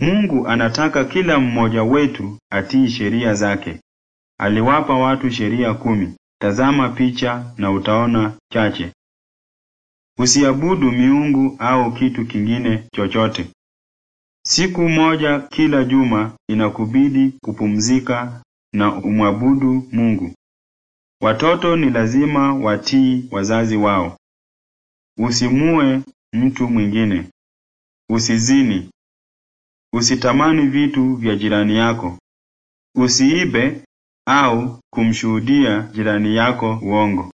Mungu anataka kila mmoja wetu atii sheria zake. Aliwapa watu sheria kumi. Tazama picha na utaona chache. Usiabudu miungu au kitu kingine chochote. Siku moja kila juma inakubidi kupumzika na umwabudu Mungu. Watoto ni lazima watii wazazi wao. Usimue mtu mwingine. Usizini. Usitamani vitu vya jirani yako usiibe au kumshuhudia jirani yako uongo